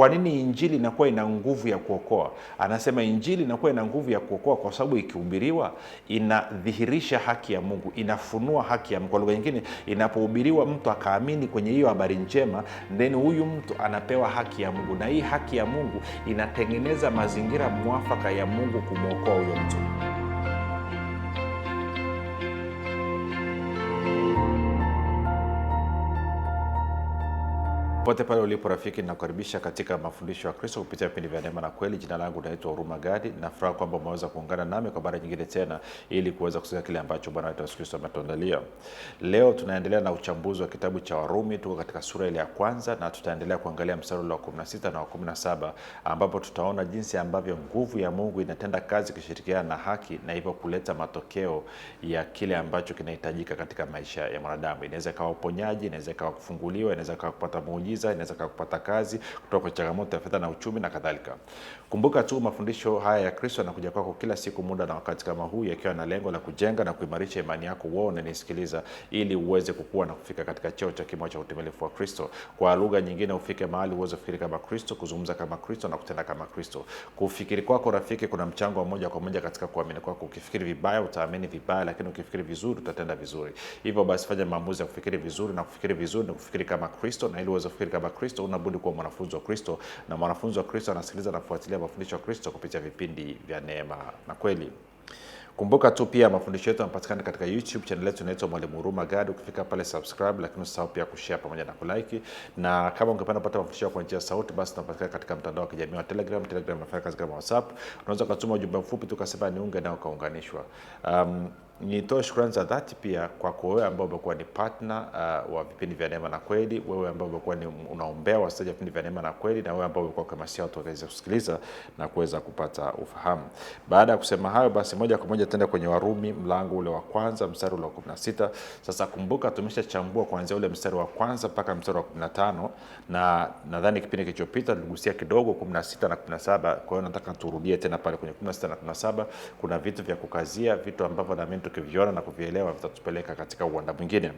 Kwa nini injili inakuwa ina nguvu ya kuokoa? Anasema injili inakuwa ina nguvu ya kuokoa kwa sababu ikihubiriwa inadhihirisha haki ya Mungu, inafunua haki ya Mungu. Kwa lugha nyingine, inapohubiriwa mtu akaamini kwenye hiyo habari njema, then huyu mtu anapewa haki ya Mungu, na hii haki ya Mungu inatengeneza mazingira mwafaka ya Mungu kumwokoa huyo mtu. Popote pale ulipo rafiki, ninakukaribisha katika mafundisho ya Kristo kupitia vipindi vya neema na kweli. Jina langu naitwa Huruma Gadi, na furaha kwamba umeweza kuungana nami kwa mara nyingine tena ili kuweza kusikia kile ambacho Bwana wetu Yesu Kristo ametuandalia. Leo tunaendelea na uchambuzi wa kitabu cha Warumi, tuko katika sura ile ya kwanza na tutaendelea kuangalia mstari wa 16 na 17, ambapo tutaona jinsi ambavyo nguvu ya Mungu inatenda kazi ikishirikiana na haki na hivyo kuleta matokeo ya kile ambacho kinahitajika katika maisha ya mwanadamu. Inaweza ikawa uponyaji, inaweza ikawa kufunguliwa, inaweza ikawa kupata muujiza visa, inaweza kupata kazi, kutoka kwa changamoto ya fedha na uchumi na kadhalika. Kumbuka tu mafundisho haya ya Kristo yanakuja kwako kila siku, muda na wakati kama huu, yakiwa na lengo la kujenga na kuimarisha imani yako wewe unanisikiliza, ili uweze kukua na kufika katika cheo cha kimo cha utimilifu wa Kristo. Kwa lugha nyingine, ufike mahali uweze kufikiri kama Kristo, kuzungumza kama Kristo na kutenda kama Kristo. Kufikiri kwako, rafiki, kuna mchango wa moja kwa moja katika kuamini kwako. Ukifikiri vibaya utaamini vibaya, lakini ukifikiri vizuri utatenda vizuri. Hivyo basi, fanya maamuzi ya kufikiri vizuri, na kufikiri vizuri ni kufikiri kama Kristo, na ili uweze kufikiri katika Kristo, unabudi kuwa mwanafunzi wa Kristo, na mwanafunzi wa Kristo anasikiliza na kufuatilia mafundisho ya Kristo kupitia vipindi vya Neema na Kweli. Kumbuka tu pia mafundisho yetu yanapatikana katika YouTube channel yetu inaitwa Mwalimu Huruma Gadi. Ukifika pale subscribe, lakini usisahau pia kushare pamoja na kulike, na kama ungependa kupata mafundisho kwa njia sauti, basi tunapatikana katika mtandao wa kijamii wa Telegram. Telegram inafanya kazi kama WhatsApp, unaweza ukatuma ujumbe mfupi tu tukasema niunge nao ukaunganishwa. um, Nitoe shukrani za dhati pia kwako wewe ambao umekuwa ni partner uh, wa vipindi vya Neema na Kweli, wewe ambao umekuwa ni unaombea wasikilizaji wa vipindi vya Neema na Kweli, na wewe ambao umekuwa ukihamasisha watu waweze kusikiliza na kuweza kupata ufahamu. Baada ya kusema hayo, basi moja kwa moja tenda kwenye Warumi mlango ule wa kwanza mstari ule wa 16. Sasa kumbuka, tumeshachambua kuanzia ule mstari wa kwanza mpaka mstari wa 15, na nadhani kipindi kilichopita tuligusia kidogo 16 na 17. Kwa hiyo nataka turudie tena pale kwenye 16 na 17, kuna vitu vya kukazia, vitu ambavyo naamini tukiviona na kuvielewa vitatupeleka katika uwanda mwingine.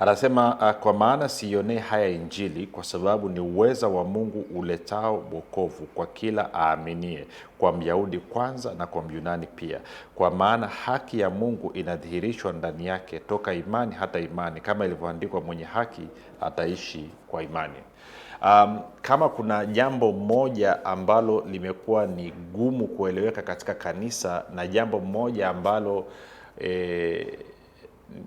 Anasema ah, kwa maana siionee haya Injili, kwa sababu ni uweza wa Mungu uletao wokovu kwa kila aaminie, kwa Myahudi kwanza na kwa Myunani pia, kwa maana haki ya Mungu inadhihirishwa ndani yake, toka imani hata imani, kama ilivyoandikwa, mwenye haki ataishi kwa imani. Um, kama kuna jambo moja ambalo limekuwa ni gumu kueleweka katika kanisa na jambo moja ambalo eh,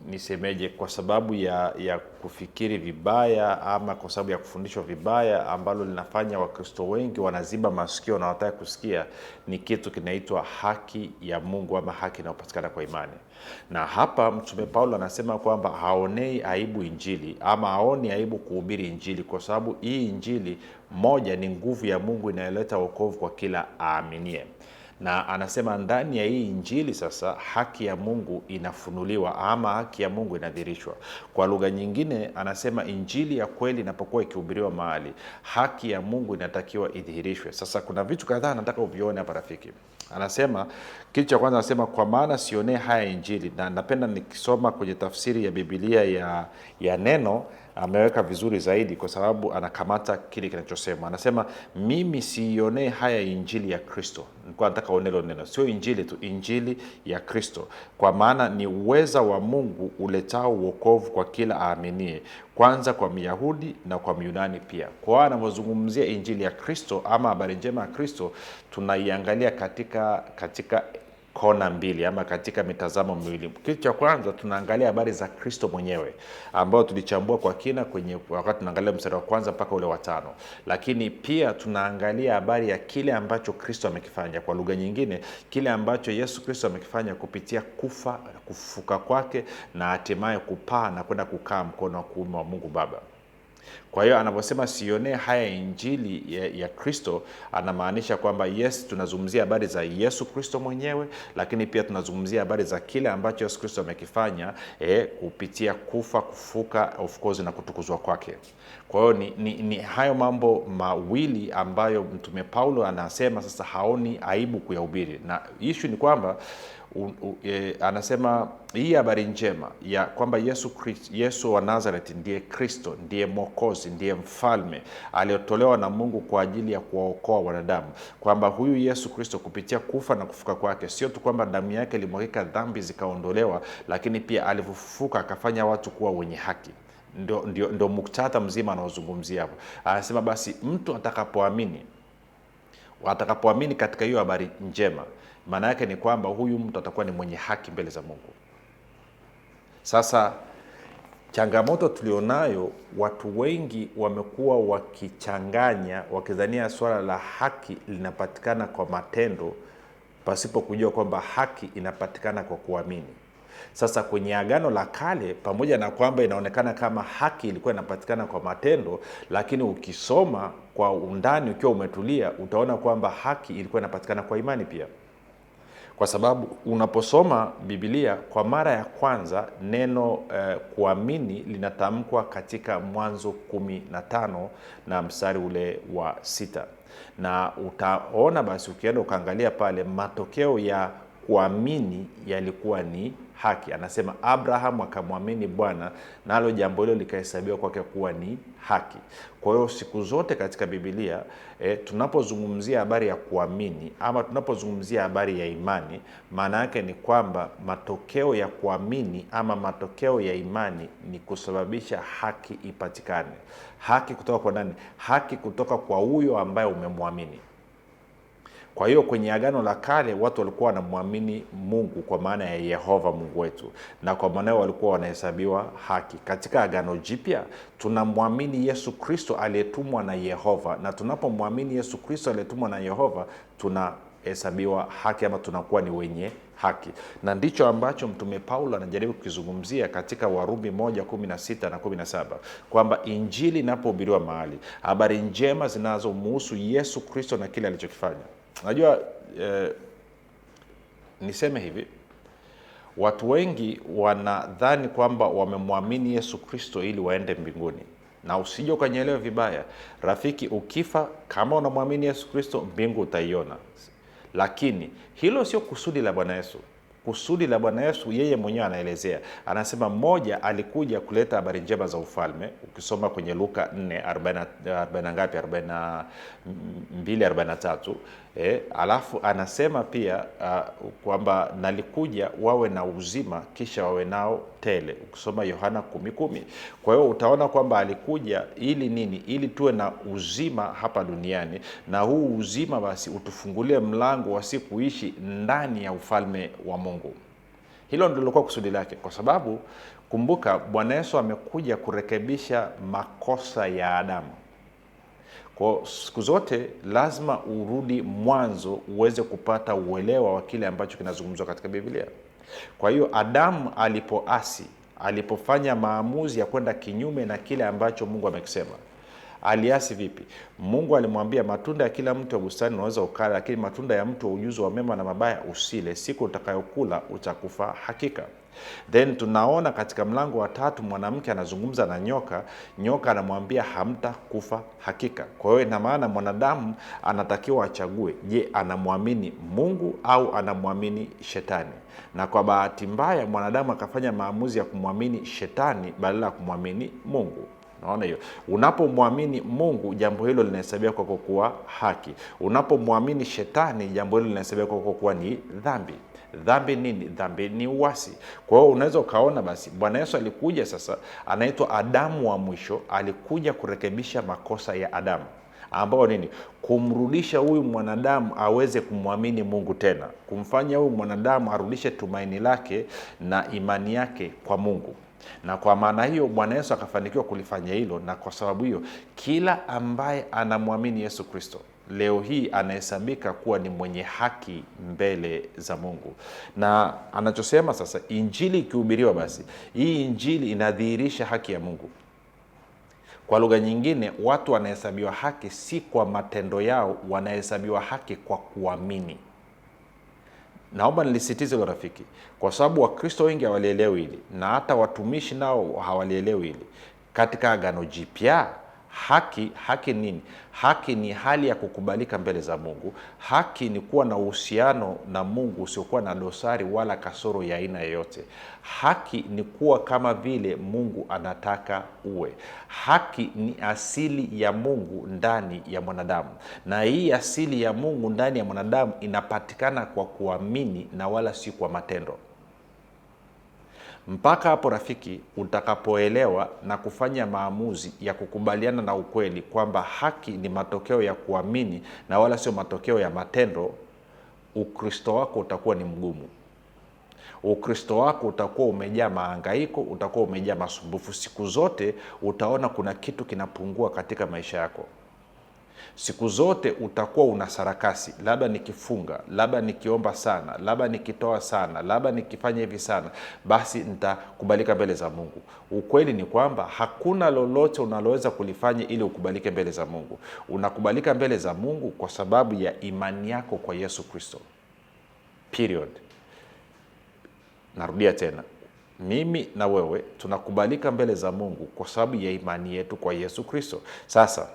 nisemeje, kwa sababu ya ya kufikiri vibaya ama kwa sababu ya kufundishwa vibaya, ambalo linafanya Wakristo wengi wanaziba masikio na wanataka kusikia, ni kitu kinaitwa haki ya Mungu ama haki inayopatikana kwa imani. Na hapa Mtume Paulo anasema kwamba haonei aibu Injili ama haoni aibu kuhubiri Injili, kwa sababu hii Injili moja ni nguvu ya Mungu inayoleta wokovu kwa kila aaminie na anasema ndani ya hii Injili sasa haki ya Mungu inafunuliwa ama haki ya Mungu inadhirishwa. Kwa lugha nyingine, anasema Injili ya kweli inapokuwa ikihubiriwa mahali, haki ya Mungu inatakiwa idhihirishwe. Sasa kuna vitu kadhaa nataka uvione hapa rafiki. Anasema kitu cha kwanza, anasema kwa maana sionee haya Injili, na napenda nikisoma kwenye tafsiri ya Biblia ya, ya neno ameweka vizuri zaidi, kwa sababu anakamata kile kinachosema, anasema mimi siionee haya injili ya Kristo. Nilikuwa nataka uone neno, sio injili tu, injili ya Kristo, kwa maana ni uweza wa Mungu uletao uokovu kwa kila aaminie, kwanza kwa Myahudi na kwa Myunani pia. Kwa hiyo anavyozungumzia injili ya Kristo ama habari njema ya Kristo, tunaiangalia katika katika kona mbili ama katika mitazamo miwili. Kitu cha kwanza tunaangalia habari za Kristo mwenyewe ambayo tulichambua kwa kina kwenye wakati tunaangalia mstari wa kwanza mpaka ule wa tano, lakini pia tunaangalia habari ya kile ambacho Kristo amekifanya, kwa lugha nyingine, kile ambacho Yesu Kristo amekifanya kupitia kufa, kufuka kwake na hatimaye kupaa na kwenda kukaa mkono wa kuume wa Mungu Baba. Kwa hiyo anaposema sionee haya injili ya, ya Kristo anamaanisha kwamba yes, tunazungumzia habari za Yesu Kristo mwenyewe, lakini pia tunazungumzia habari za kile ambacho Yesu Kristo amekifanya eh, kupitia kufa, kufuka of course na kutukuzwa kwake. Kwa hiyo ni, ni, ni hayo mambo mawili ambayo Mtume Paulo anasema sasa haoni aibu kuyahubiri, na ishu ni kwamba U, u, e, anasema hii habari njema ya kwamba Yesu, Yesu wa Nazareth ndiye Kristo, ndiye Mwokozi mkombozi, ndiye mfalme aliyotolewa na Mungu kwa ajili ya kuwaokoa wanadamu, kwamba huyu Yesu Kristo kupitia kufa na kufuka kwake, sio tu kwamba damu yake ilimwagika dhambi zikaondolewa, lakini pia alivyofufuka akafanya watu kuwa wenye haki. Ndio, ndio, ndio muktadha mzima anaozungumzia hapo. Anasema basi mtu atakapoamini atakapoamini katika hiyo habari njema, maana yake ni kwamba huyu mtu atakuwa ni mwenye haki mbele za Mungu. Sasa Changamoto tulionayo, watu wengi wamekuwa wakichanganya, wakidhania swala la haki linapatikana kwa matendo pasipo kujua kwamba haki inapatikana kwa kuamini. Sasa kwenye Agano la Kale, pamoja na kwamba inaonekana kama haki ilikuwa inapatikana kwa matendo, lakini ukisoma kwa undani ukiwa umetulia, utaona kwamba haki ilikuwa inapatikana kwa imani pia kwa sababu unaposoma bibilia kwa mara ya kwanza neno eh, kuamini linatamkwa katika Mwanzo kumi na tano na mstari ule wa sita na utaona basi, ukienda ukaangalia pale matokeo ya kuamini yalikuwa ni haki. Anasema abraham akamwamini Bwana, nalo jambo hilo likahesabiwa kwake kuwa ni haki. Kwa hiyo siku zote katika Biblia e, tunapozungumzia habari ya kuamini ama tunapozungumzia habari ya imani, maana yake ni kwamba matokeo ya kuamini ama matokeo ya imani ni kusababisha haki ipatikane. Haki kutoka kwa nani? Haki kutoka kwa huyo ambaye umemwamini. Kwa hiyo kwenye Agano la Kale watu walikuwa wanamwamini Mungu kwa maana ya Yehova Mungu wetu, na kwa maana walikuwa wanahesabiwa haki. Katika Agano Jipya tunamwamini Yesu Kristo aliyetumwa na Yehova, na tunapomwamini Yesu Kristo aliyetumwa na Yehova tunahesabiwa haki ama tunakuwa ni wenye haki na ndicho ambacho Mtume Paulo anajaribu kukizungumzia katika Warumi moja kumi na sita na kumi na saba kwamba Injili inapohubiriwa mahali, habari njema zinazomuhusu Yesu Kristo na kile alichokifanya najua eh, niseme hivi, watu wengi wanadhani kwamba wamemwamini Yesu Kristo ili waende mbinguni, na usije ukanyelewa vibaya rafiki. Ukifa kama unamwamini Yesu Kristo, mbingu utaiona, lakini hilo sio kusudi la Bwana Yesu. Kusudi la Bwana Yesu yeye mwenyewe anaelezea, anasema mmoja alikuja kuleta habari njema za ufalme. Ukisoma kwenye Luka 4 40 ngapi, 42 43 Eh, alafu anasema pia uh, kwamba nalikuja wawe na uzima kisha wawe nao tele, ukisoma Yohana kumi kumi. Kwa hiyo utaona kwamba alikuja ili nini? Ili tuwe na uzima hapa duniani, na huu uzima basi utufungulie mlango wa sikuishi ndani ya ufalme wa Mungu. Hilo ndilo lilikuwa kusudi lake, kwa sababu kumbuka, Bwana Yesu amekuja kurekebisha makosa ya Adamu kwa siku zote lazima urudi mwanzo uweze kupata uelewa wa kile ambacho kinazungumzwa katika Biblia. Kwa hiyo Adamu alipoasi, alipofanya maamuzi ya kwenda kinyume na kile ambacho Mungu amekisema, aliasi vipi? Mungu alimwambia matunda ya kila mti wa bustani unaweza ukala, lakini matunda ya mti wa ujuzi wa mema na mabaya usile, siku utakayokula utakufa hakika. Then tunaona katika mlango wa tatu mwanamke anazungumza na nyoka, nyoka anamwambia hamta kufa hakika. Kwa hiyo ina maana mwanadamu anatakiwa achague, je, anamwamini Mungu au anamwamini shetani? Na kwa bahati mbaya mwanadamu akafanya maamuzi ya kumwamini shetani badala ya kumwamini Mungu. Naona hiyo. Unapomwamini Mungu, jambo hilo linahesabiwa kwako kuwa haki. Unapomwamini shetani, jambo hilo linahesabiwa kwako kuwa ni dhambi. Dhambi nini? Dhambi ni uasi. Kwa hiyo unaweza ukaona basi Bwana Yesu alikuja sasa, anaitwa Adamu wa mwisho, alikuja kurekebisha makosa ya Adamu ambao nini? Kumrudisha huyu mwanadamu aweze kumwamini Mungu tena, kumfanya huyu mwanadamu arudishe tumaini lake na imani yake kwa Mungu na kwa maana hiyo Bwana Yesu akafanikiwa kulifanya hilo, na kwa sababu hiyo kila ambaye anamwamini Yesu Kristo leo hii anahesabika kuwa ni mwenye haki mbele za Mungu. Na anachosema sasa, injili ikihubiriwa, basi hii injili inadhihirisha haki ya Mungu. Kwa lugha nyingine, watu wanahesabiwa haki si kwa matendo yao, wanahesabiwa haki kwa kuamini. Naomba nilisitize hilo rafiki, kwa sababu Wakristo wengi hawalielewi hili, na hata watumishi nao hawalielewi hili. Katika Agano Jipya Haki, haki nini? Haki ni hali ya kukubalika mbele za Mungu. Haki ni kuwa na uhusiano na Mungu usiokuwa na dosari wala kasoro ya aina yoyote. Haki ni kuwa kama vile Mungu anataka uwe. Haki ni asili ya Mungu ndani ya mwanadamu, na hii asili ya Mungu ndani ya mwanadamu inapatikana kwa kuamini na wala si kwa matendo mpaka hapo rafiki utakapoelewa na kufanya maamuzi ya kukubaliana na ukweli kwamba haki ni matokeo ya kuamini na wala sio matokeo ya matendo, Ukristo wako utakuwa ni mgumu. Ukristo wako utakuwa umejaa maangaiko, utakuwa umejaa masumbufu. Siku zote utaona kuna kitu kinapungua katika maisha yako. Siku zote utakuwa una sarakasi, labda nikifunga, labda nikiomba sana, labda nikitoa sana, labda nikifanya hivi sana, basi nitakubalika mbele za Mungu. Ukweli ni kwamba hakuna lolote unaloweza kulifanya ili ukubalike mbele za Mungu. Unakubalika mbele za Mungu kwa sababu ya imani yako kwa Yesu Kristo, period. Narudia tena, mimi na wewe tunakubalika mbele za Mungu kwa sababu ya imani yetu kwa Yesu Kristo. Sasa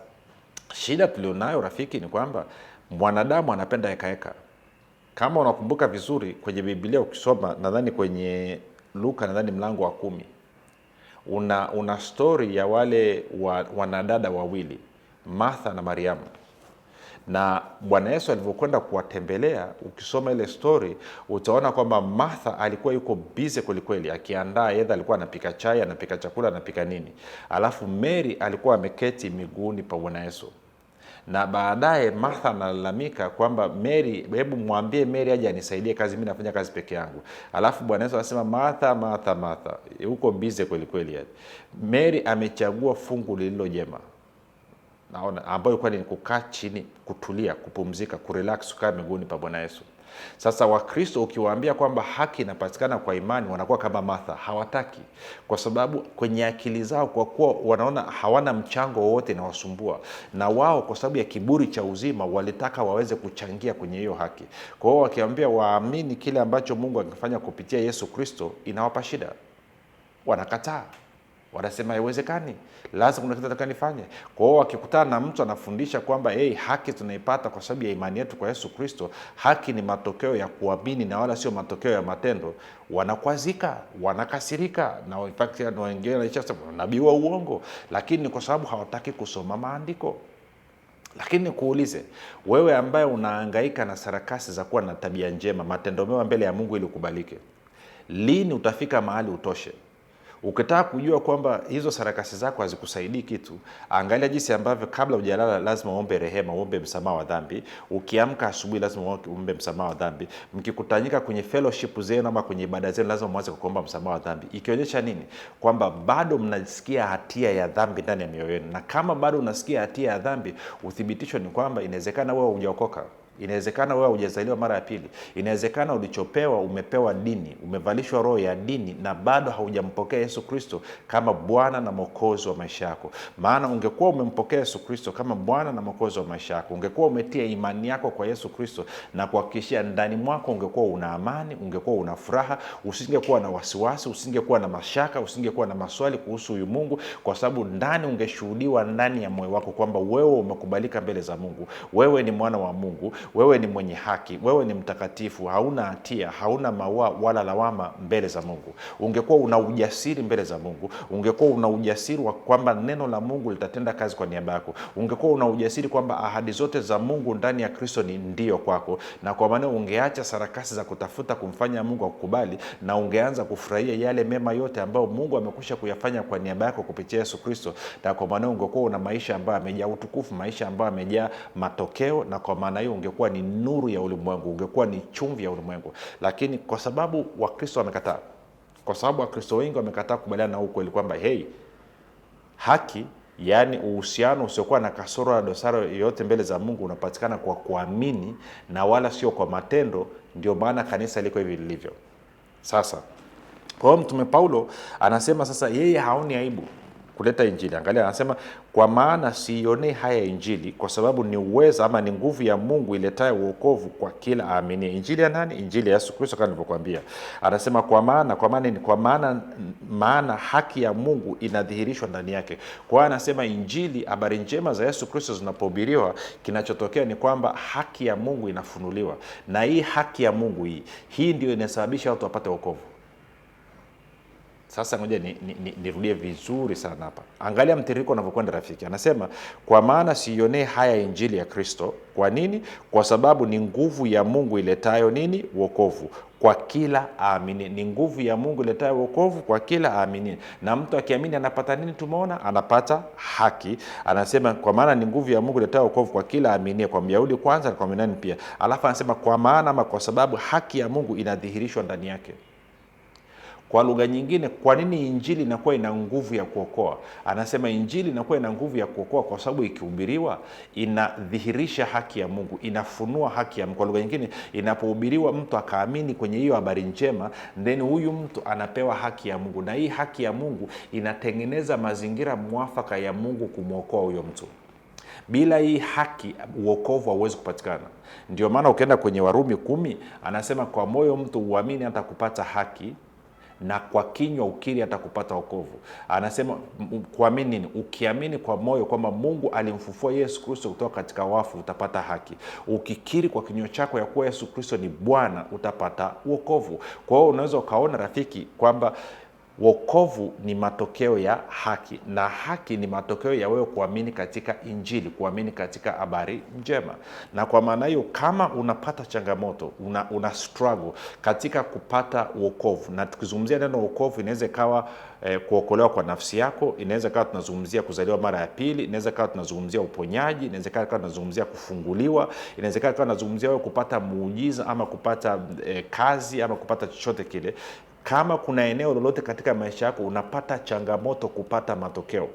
Shida tulionayo rafiki ni kwamba mwanadamu anapenda hekaheka. Kama unakumbuka vizuri kwenye Biblia ukisoma, nadhani kwenye Luka, nadhani mlango wa kumi una, una stori ya wale wa, wanadada wawili Martha na Mariamu na Bwana Yesu alivyokwenda kuwatembelea, ukisoma ile stori utaona kwamba Martha alikuwa yuko bize kwelikweli, akiandaa edha, alikuwa anapika chai, anapika chakula, anapika nini, alafu Mary alikuwa ameketi miguuni pa Bwana Yesu na baadaye Martha analalamika kwamba Mary, hebu mwambie Mary aje anisaidie kazi, mimi nafanya kazi peke yangu. Alafu Bwana Yesu anasema Martha, Martha, Martha, huko mbize kweli kweli. Yani Mary amechagua fungu lililo jema naona ambayo kwani ni kukaa chini, kutulia, kupumzika, kurelax, kukaa miguuni pa Bwana Yesu. Sasa Wakristo ukiwaambia kwamba haki inapatikana kwa imani, wanakuwa kama matha hawataki kwa sababu kwenye akili zao, kwa kuwa wanaona hawana mchango wowote inawasumbua, na wao kwa sababu ya kiburi cha uzima walitaka waweze kuchangia kwenye hiyo haki. Kwa hiyo wakiambia waamini kile ambacho Mungu angefanya kupitia Yesu Kristo, inawapa shida, wanakataa wanasema haiwezekani, lazima kuna kitu nataka nifanye. Kwa hiyo wakikutana na mtu anafundisha kwamba hey, haki tunaipata kwa sababu ya imani yetu kwa Yesu Kristo, haki ni matokeo ya kuamini na wala sio matokeo ya matendo, wanakwazika, wanakasirika, na nabii wa uongo, lakini ni kwa sababu hawataki kusoma maandiko. Lakini nikuulize wewe, ambaye unaangaika na sarakasi za kuwa na tabia njema, matendo mema mbele ya Mungu ili ukubalike, lini utafika mahali utoshe? Ukitaka kujua kwamba hizo sarakasi zako hazikusaidii kitu, angalia jinsi ambavyo kabla hujalala lazima uombe rehema, uombe msamaha wa dhambi. Ukiamka asubuhi lazima uombe msamaha wa dhambi. Mkikutanyika kwenye fellowship zenu ama kwenye ibada zenu lazima mwanze kuomba msamaha wa dhambi, ikionyesha nini? Kwamba bado mnasikia hatia ya dhambi ndani ya mioyo yenu, na kama bado unasikia hatia ya dhambi, uthibitisho ni kwamba inawezekana wewe hujaokoka. Inawezekana wewe hujazaliwa mara ya pili, inawezekana ulichopewa umepewa dini, umevalishwa roho ya dini na bado haujampokea Yesu Kristo kama Bwana na Mwokozi wa maisha yako. Maana ungekuwa umempokea Yesu Kristo kama Bwana na Mwokozi wa maisha yako, ungekuwa umetia imani yako kwa Yesu Kristo na kuhakikishia ndani mwako, ungekuwa una amani, ungekuwa una furaha, usingekuwa na wasiwasi, usingekuwa na mashaka, usingekuwa na maswali kuhusu huyu Mungu, kwa sababu ndani ungeshuhudiwa ndani ya moyo wako kwamba wewe umekubalika mbele za Mungu, wewe ni mwana wa Mungu wewe ni mwenye haki, wewe ni mtakatifu, hauna hatia, hauna maua wala lawama mbele za Mungu. Ungekuwa una ujasiri mbele za Mungu, ungekuwa una ujasiri wa kwamba neno la Mungu litatenda kazi kwa niaba yako, ungekuwa una ujasiri kwamba ahadi zote za Mungu ndani ya Kristo ni ndio kwako, na kwa maana ungeacha sarakasi za kutafuta kumfanya Mungu akukubali na ungeanza kufurahia yale mema yote ambayo Mungu amekwisha kuyafanya kwa niaba yako kupitia Yesu Kristo, na kwa maana ungekuwa una maisha ambayo amejaa utukufu, maisha ambayo amejaa matokeo, na kwa maana hiyo ungekuwa ungekuwa ni nuru ya ulimwengu, ungekuwa ni chumvi ya ulimwengu, lakini kwa sababu Wakristo wamekataa, kwa sababu Wakristo wengi wamekataa kubaliana na ukweli kwamba hei, haki yaani uhusiano usiokuwa na kasoro na dosara yoyote mbele za Mungu unapatikana kwa kuamini na wala sio kwa matendo. Ndio maana kanisa liko hivi lilivyo sasa. Kwa hiyo Mtume Paulo anasema sasa, yeye haoni aibu kuleta Injili. Angalia, anasema kwa maana siionee haya Injili, kwa sababu ni uweza ama ni nguvu ya Mungu iletayo uokovu kwa kila aaminie. Injili ya nani? Injili ya Yesu Kristo, kama nilivyokuambia. Anasema kwa maana, kwa maana ni kwa maana, maana haki ya Mungu inadhihirishwa ndani yake. Kwa hiyo anasema Injili, habari njema za Yesu Kristo zinapohubiriwa, kinachotokea ni kwamba haki ya Mungu inafunuliwa, na hii haki ya Mungu hii hii ndio inasababisha watu wapate wokovu. Sasa ngoja nirudie ni, ni ni vizuri sana hapa. Angalia mtiririko unavyokwenda rafiki. Anasema kwa maana siionee haya injili ya Kristo. Kwa nini? Kwa sababu ni nguvu ya Mungu iletayo nini? Wokovu kwa kila aamini. Ni nguvu ya Mungu iletayo wokovu kwa kila aamini. Na mtu akiamini anapata nini? Tumeona anapata haki. Anasema kwa maana ni nguvu ya Mungu iletayo wokovu kwa kila aamini, kwa Myahudi kwanza na kwa Myunani pia. Alafu anasema kwa maana ama kwa sababu haki ya Mungu inadhihirishwa ndani yake. Kwa lugha nyingine, kwa nini injili inakuwa ina nguvu ya kuokoa? Anasema injili inakuwa ina nguvu ya kuokoa kwa sababu ikihubiriwa inadhihirisha haki ya Mungu, inafunua haki ya Mungu. Kwa lugha nyingine, inapohubiriwa mtu akaamini kwenye hiyo habari njema, then huyu mtu anapewa haki ya Mungu, na hii haki ya Mungu inatengeneza mazingira mwafaka ya Mungu kumwokoa huyo mtu. Bila hii haki uokovu hauwezi kupatikana. Ndio maana ukienda kwenye Warumi kumi anasema kwa moyo mtu huamini hata kupata haki na kwa kinywa ukiri hata kupata wokovu. Anasema kuamini nini? Ukiamini kwa moyo kwamba Mungu alimfufua Yesu Kristo kutoka katika wafu utapata haki. Ukikiri kwa kinywa chako ya kuwa Yesu Kristo ni Bwana utapata uokovu Kwa hiyo unaweza ukaona rafiki kwamba Wokovu ni matokeo ya haki na haki ni matokeo ya wewe kuamini katika Injili, kuamini katika habari njema. Na kwa maana hiyo, kama unapata changamoto, una, una struggle katika kupata wokovu, na tukizungumzia neno wokovu inaweza ikawa eh, kuokolewa kwa nafsi yako, inaweza kawa tunazungumzia kuzaliwa mara ya pili, inaweza kawa tunazungumzia uponyaji, inaweza kawa tunazungumzia kufunguliwa, inaweza kawa tunazungumzia wewe kupata muujiza ama kupata eh, kazi ama kupata chochote kile kama kuna eneo lolote katika maisha yako unapata changamoto kupata matokeo,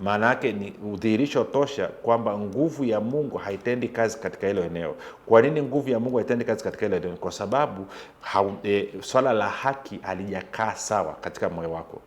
maana yake ni udhihirisho tosha kwamba nguvu ya Mungu haitendi kazi katika hilo eneo. Kwa nini nguvu ya Mungu haitendi kazi katika hilo eneo? Kwa sababu ha, e, eh, swala la haki halijakaa sawa katika moyo wako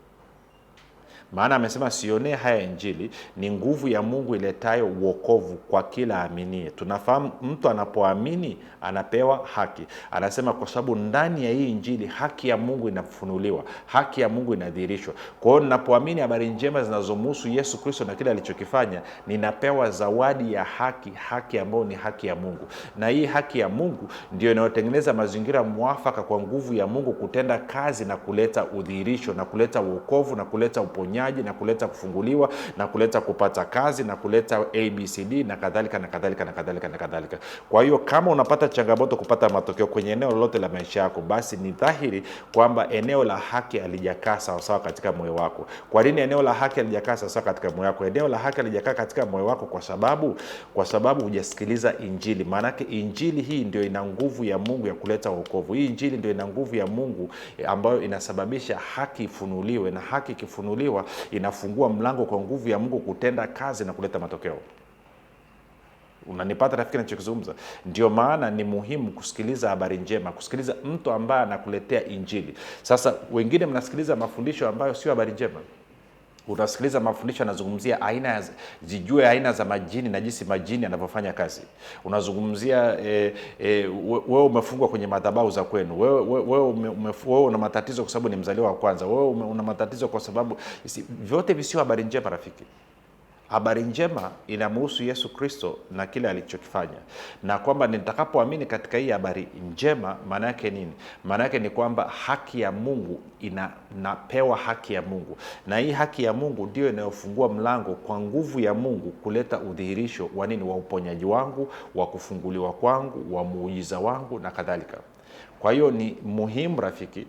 maana amesema sionee haya Injili ni nguvu ya Mungu iletayo uokovu kwa kila aminie. Tunafahamu mtu anapoamini anapewa haki. Anasema kwa sababu ndani ya hii Injili haki ya Mungu inafunuliwa, haki ya Mungu inadhihirishwa. Kwa hiyo ninapoamini habari njema zinazomhusu Yesu Kristo na kile alichokifanya, ninapewa zawadi ya haki, haki ambayo ni haki ya Mungu, na hii haki ya Mungu ndio inayotengeneza mazingira mwafaka kwa nguvu ya Mungu kutenda kazi na kuleta udhihirisho na kuleta uokovu na kuleta uponyaji uhamiaji na kuleta kufunguliwa na kuleta kupata kazi na kuleta abcd na kadhalika na kadhalika na kadhalika na kadhalika. Kwa hiyo kama unapata changamoto kupata matokeo kwenye eneo lolote la maisha yako, basi ni dhahiri kwamba eneo la haki alijakaa sawasawa katika moyo wako. Kwa nini eneo la haki alijakaa sawasawa katika moyo wako? Eneo la haki alijakaa katika moyo wako kwa sababu kwa sababu hujasikiliza Injili. Maanake Injili hii ndio ina nguvu ya Mungu ya kuleta wokovu. Hii Injili ndio ina nguvu ya Mungu ambayo inasababisha haki ifunuliwe, na haki ikifunuliwa inafungua mlango kwa nguvu ya Mungu kutenda kazi na kuleta matokeo. Unanipata rafiki, nachokizungumza? Ndio maana ni muhimu kusikiliza habari njema, kusikiliza mtu ambaye anakuletea Injili. Sasa wengine mnasikiliza mafundisho ambayo sio habari njema utasikiliza mafundisho yanazungumzia aina ya zijue aina za majini na jinsi majini yanavyofanya kazi. Unazungumzia e, e, wewe umefungwa kwenye madhabahu za kwenu, wewe wewe we, una matatizo kwa sababu ni mzaliwa wa kwanza, wewe una matatizo kwa sababu vyote visio habari njema, rafiki. Habari njema inamuhusu Yesu Kristo na kile alichokifanya, na kwamba nitakapoamini katika hii habari njema, maana yake nini? Maana yake ni kwamba haki ya Mungu inapewa haki ya Mungu, na hii haki ya Mungu ndio inayofungua mlango kwa nguvu ya Mungu kuleta udhihirisho wa nini? Wa uponyaji wangu, wa kufunguliwa kwangu, wa muujiza wangu na kadhalika. Kwa hiyo ni muhimu rafiki,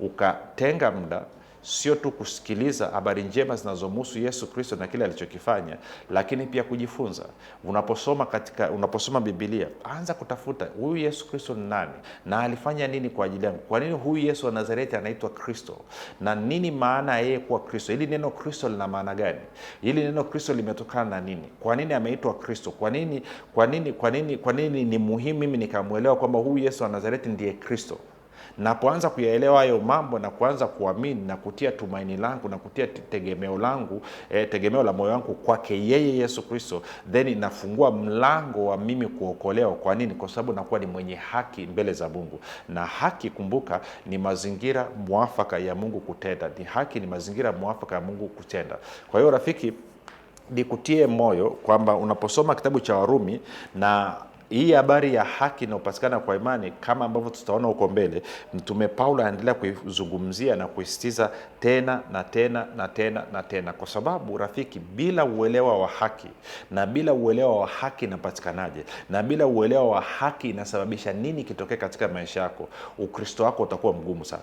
ukatenga muda sio tu kusikiliza habari njema zinazomhusu Yesu Kristo na kile alichokifanya, lakini pia kujifunza. Unaposoma katika unaposoma Biblia, anza kutafuta huyu Yesu Kristo ni nani na alifanya nini kwa ajili yangu. Kwa nini huyu Yesu wa Nazareti anaitwa Kristo na nini maana ya yeye kuwa Kristo? Hili neno Kristo lina maana gani? Hili neno Kristo limetokana na nini? Kwa nini ameitwa Kristo? Kwa nini, kwa nini, kwa nini, kwa nini ni muhimu mimi nikamwelewa kwamba huyu Yesu wa Nazareti ndiye Kristo? Napoanza kuyaelewa hayo mambo na kuanza kuamini na kutia tumaini langu na kutia tegemeo langu eh, tegemeo la moyo wangu kwake yeye Yesu Kristo, then inafungua mlango wa mimi kuokolewa. Kwa nini? Kwa sababu nakuwa ni mwenye haki mbele za Mungu, na haki, kumbuka, ni mazingira mwafaka ya Mungu kutenda. Ni haki, ni mazingira mwafaka ya Mungu kutenda. Kwa hiyo rafiki, nikutie moyo kwamba unaposoma kitabu cha Warumi na hii habari ya haki inayopatikana kwa imani kama ambavyo tutaona huko mbele, Mtume Paulo anaendelea kuizungumzia na kuisitiza tena na tena na tena na tena, kwa sababu rafiki, bila uelewa wa haki na bila uelewa wa haki inapatikanaje na bila uelewa wa haki inasababisha nini kitokee katika maisha yako, Ukristo wako utakuwa mgumu sana.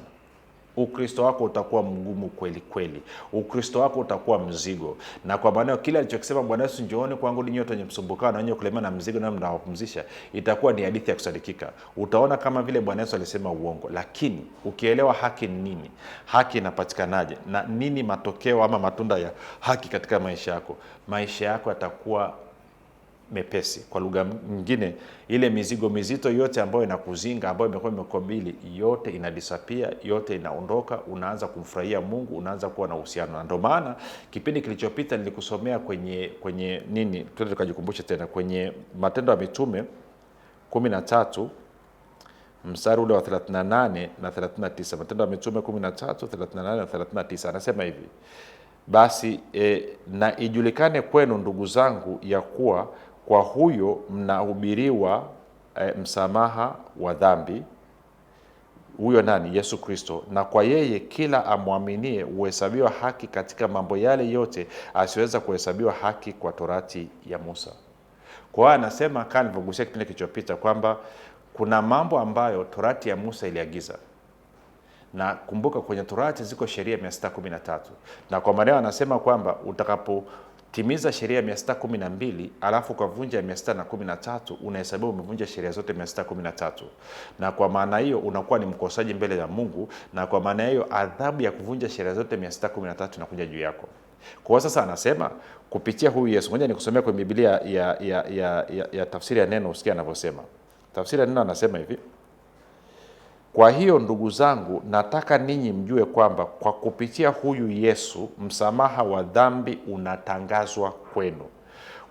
Ukristo wako utakuwa mgumu kweli kweli, Ukristo wako utakuwa mzigo. Na kwa maana kile alichokisema Bwana Yesu, njooni kwangu ni wote wenye msumbukao na wenye kulemewa na mzigo, nami nitawapumzisha, itakuwa ni hadithi ya kusadikika. Utaona kama vile Bwana Yesu alisema uongo, lakini ukielewa haki ni nini, haki inapatikanaje na nini matokeo ama matunda ya haki katika maisha yako, maisha yako yatakuwa mepesi. Kwa lugha nyingine, ile mizigo mizito yote ambayo inakuzinga ambayo imekuwa imekabili yote inadisapia, yote inaondoka, unaanza kumfurahia Mungu, unaanza kuwa na uhusiano. Na ndio maana kipindi kilichopita nilikusomea kwenye kwenye nini, tuende tukajikumbusha tena kwenye Matendo ya Mitume 13 na mstari ule wa 38 na 39. Matendo ya Mitume 13, 38 na 39, anasema hivi: basi e, na ijulikane kwenu ndugu zangu ya kuwa kwa huyo mnahubiriwa e, msamaha wa dhambi. Huyo nani? Yesu Kristo. Na kwa yeye kila amwaminie huhesabiwa haki katika mambo yale yote asiweza kuhesabiwa haki kwa torati ya Musa. Kwa hiyo anasema kama nilivyogusia kipindi kilichopita kwamba kuna mambo ambayo torati ya Musa iliagiza na kumbuka, kwenye torati ziko sheria mia sita kumi na tatu na kwa maneo anasema kwamba utakapo timiza sheria mia sita kumi na mbili alafu ukavunja mia sita na kumi na tatu unahesabiwa umevunja sheria zote mia sita kumi na tatu na kwa maana hiyo unakuwa ni mkosaji mbele ya Mungu, na kwa maana hiyo adhabu ya kuvunja sheria zote mia sita kumi na tatu inakuja juu yako. Kwa sasa anasema kupitia huyu Yesu. Ngoja nikusomea kwenye Biblia ya, ya, ya, ya, ya tafsiri ya neno, usikia anavyosema tafsiri ya neno, anasema hivi kwa hiyo ndugu zangu, nataka ninyi mjue kwamba kwa kupitia huyu Yesu msamaha wa dhambi unatangazwa kwenu.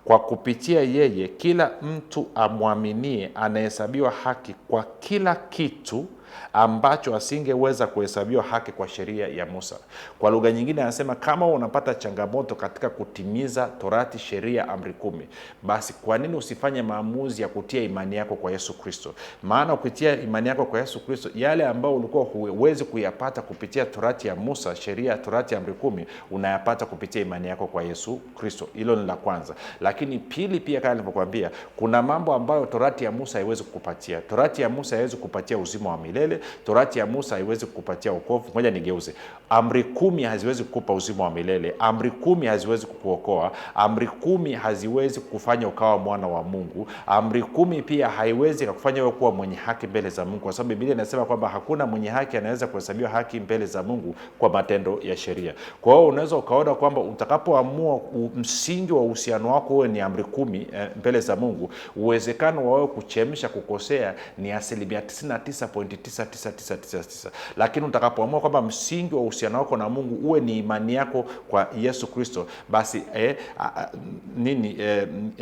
Kwa kupitia yeye kila mtu amwaminie anahesabiwa haki kwa kila kitu ambacho asingeweza kuhesabiwa haki kwa sheria ya Musa. Kwa lugha nyingine, anasema kama unapata changamoto katika kutimiza torati, sheria, amri kumi, basi kwa nini usifanye maamuzi ya kutia imani yako kwa Yesu Kristo? Maana ukitia imani yako kwa Yesu Kristo, yale ambayo ulikuwa huwezi kuyapata kupitia torati ya Musa, sheria, torati amri kumi, unayapata kupitia imani yako kwa Yesu Kristo. Hilo ni la kwanza, lakini pili, pia kama nilivyokuambia, kuna mambo ambayo torati ya Musa haiwezi kukupatia. Torati ya Musa haiwezi kupatia uzima wa milele milele. Torati ya Musa haiwezi kukupatia wokovu. Ngoja nigeuze, amri kumi haziwezi kukupa uzima wa milele, amri kumi haziwezi kukuokoa, amri kumi haziwezi kufanya ukawa mwana wa Mungu, amri kumi pia haiwezi kakufanya wewe kuwa mwenye haki mbele za Mungu, kwa sababu Biblia inasema kwamba hakuna mwenye haki anaweza kuhesabiwa haki mbele za Mungu kwa matendo ya sheria. Kwa hiyo unaweza ukaona kwamba utakapoamua msingi wa uhusiano wako wewe ni amri kumi eh, mbele za Mungu, uwezekano wa wewe kuchemsha kukosea ni asilimia 99.9 9999, lakini utakapoamua kwamba msingi wa uhusiano wako na Mungu uwe ni imani yako kwa Yesu Kristo, basi eh, a, nini eh, mm,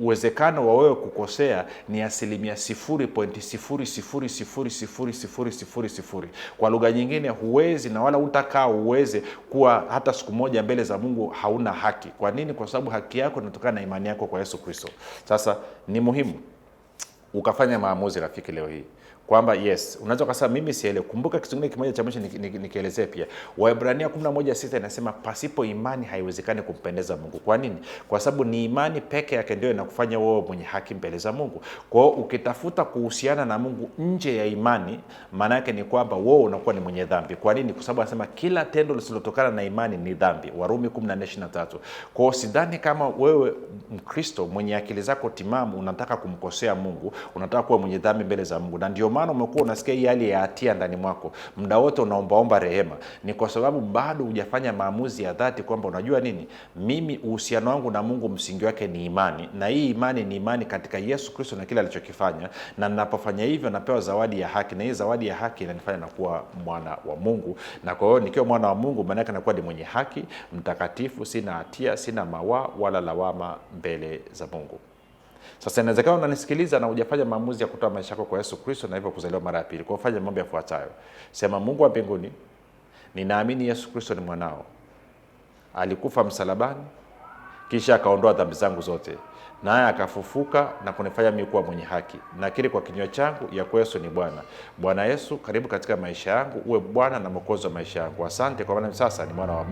uwezekano wa wewe kukosea ni asilimia sifuri pointi sifuri sifuri sifuri sifuri sifuri sifuri sifuri. Kwa lugha nyingine, huwezi na wala utakaa uweze kuwa hata siku moja mbele za Mungu hauna haki. Kwa nini? Kwa sababu haki yako inatokana na imani yako kwa Yesu Kristo. Sasa ni muhimu ukafanya maamuzi, rafiki, leo hii kwamba yes, unaweza ukasema mimi sielewi. Kumbuka kitu kingine kimoja cha mwisho nikielezea pia, Waebrania 11:6 inasema pasipo imani haiwezekani kumpendeza Mungu. Kwa nini? Kwa sababu ni imani peke yake ndio inakufanya wewe mwenye haki mbele za Mungu. Kwa hiyo ukitafuta kuhusiana na Mungu nje ya imani, maana yake ni kwamba wewe unakuwa ni mwenye dhambi. Kwa nini? Kwa sababu anasema kila tendo lisilotokana na imani ni dhambi, Warumi 14:23. Kwa hiyo sidhani kama wewe Mkristo mwenye akili zako timamu unataka kumkosea Mungu, unataka kuwa mwenye dhambi mbele za Mungu, na ndio maana umekuwa unasikia hii hali ya hatia ndani mwako, muda wote unaombaomba rehema, ni kwa sababu bado hujafanya maamuzi ya dhati kwamba unajua nini, mimi uhusiano wangu na Mungu msingi wake ni imani, na hii imani ni imani katika Yesu Kristo na kile alichokifanya, na ninapofanya hivyo napewa zawadi ya haki, na hii zawadi ya haki inanifanya nakuwa mwana wa Mungu. Na kwa hiyo nikiwa mwana wa Mungu, maana yake nakuwa ni mwenye haki, mtakatifu, sina hatia, sina mawaa wala lawama mbele za Mungu. Sasa inawezekana unanisikiliza na hujafanya maamuzi ya kutoa maisha yako kwa Yesu Kristo na hivyo kuzaliwa mara ya pili. Kwa fanya mambo yafuatayo: sema, Mungu wa mbinguni, ninaamini Yesu Kristo ni mwanao, alikufa msalabani, kisha akaondoa dhambi zangu zote, naye akafufuka na kunifanya mimi kuwa mwenye haki. Nakiri kwa kinywa changu ya kuwa Yesu ni Bwana. Bwana Yesu, karibu katika maisha yangu, uwe Bwana na Mwokozi wa maisha yangu. Asante kwa maana sasa ni mwana wa